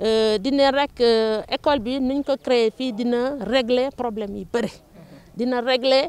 Euh, dina rek euh, école bi nuñ ko créer fii dina régler problème yi bëri dina régler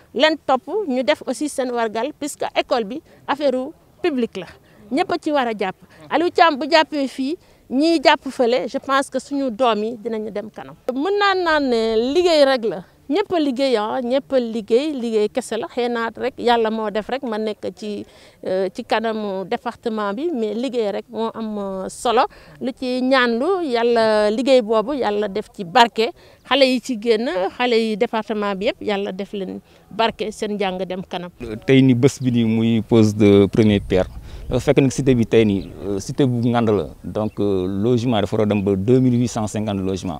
leen topp ñu def aussi seen wargal puisque école bi affaire publique la ñëpp a ci war a jàpp Aliou Thiam bu jàppee fii ñiy jàpp fële je pense que suñu doom yi dinañu dem kanam. mën naa naan ne liggéey rek la. ñëpp a liggéey ah, ñëpp liggéey liggéey kese la xëy naat rek yàlla moo def rek ma nekk ci euh, ci kanamu département bi mais liggéey rek moo am euh, solo lu ci ñaanlu yàlla liggéey boobu yàlla def ci barke xale yi ci génn xale yi département bi yëpp yàlla def leen barke seen njàng dem kanam. tey ni bés bi nii muy pose de première pierre fekk nag cité bi tey nii euh, cité bu ngand la donc logement dafa war a dem ba deux mille huit cent cinquante logements.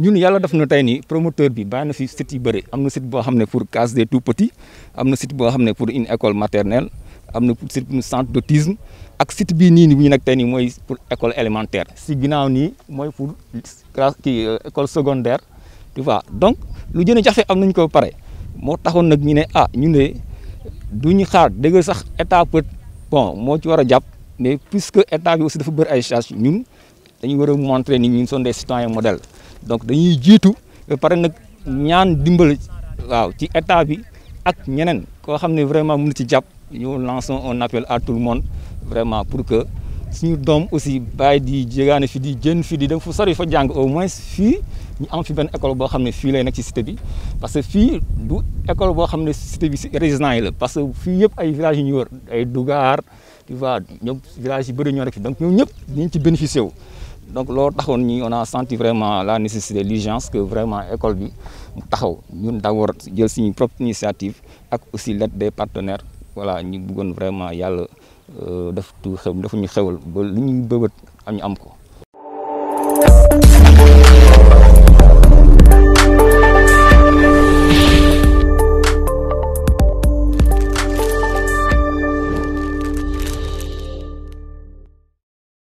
ñun yàlla def na tey nii promoteur bi bàyyi na fi site yu bëri am na site boo xam ne pour case des tout petits am na site boo xam ne pour une école maternelle am na site pour centre d'autisme ak site bii nii nii bu ñu nekk tey nii mooy pour école élémentaire si ginnaaw nii mooy pour classe kii euh, école secondaire vois donc lu gën a jafe am nañ ko pare moo taxoon nag ñu ne ah ñu ne du ñu xaar dëgg sax état peut bon moo ci war a jàpp mais puisque état bi aussi dafa bëri ay charges ñun dañu war a montrer ni ñun sont des citoyens donc dañuy jitu ba pare nag ñaan dimbal waaw ci état bi ak ñenen ko xamné vraiment mënu ci japp ñu lançons un appel à tout le monde vraiment pour que suñu doom aussi bay di jégané fi di jën fi di dem fu sori fa jang au moins fi ñu am fi ben école bo xamné fi lay nak ci cité bi parce que fi du école bo xamné cité bi si la parce que fi yépp ay village ñu wër ay Dougar tu vois ñoom village yi bëri ñoo rek donc ñoom ñëpp ñu ci bénéficier wu donc lors on a senti vraiment la nécessité l'urgence que vraiment école bi taxaw ñun d'abord jël suñu propre initiative ak aussi l'aide des partenaires voilà nous bëggone vraiment y euh, def tu xew dafa ñu xewal ba li ñu bëbët am ñu am ko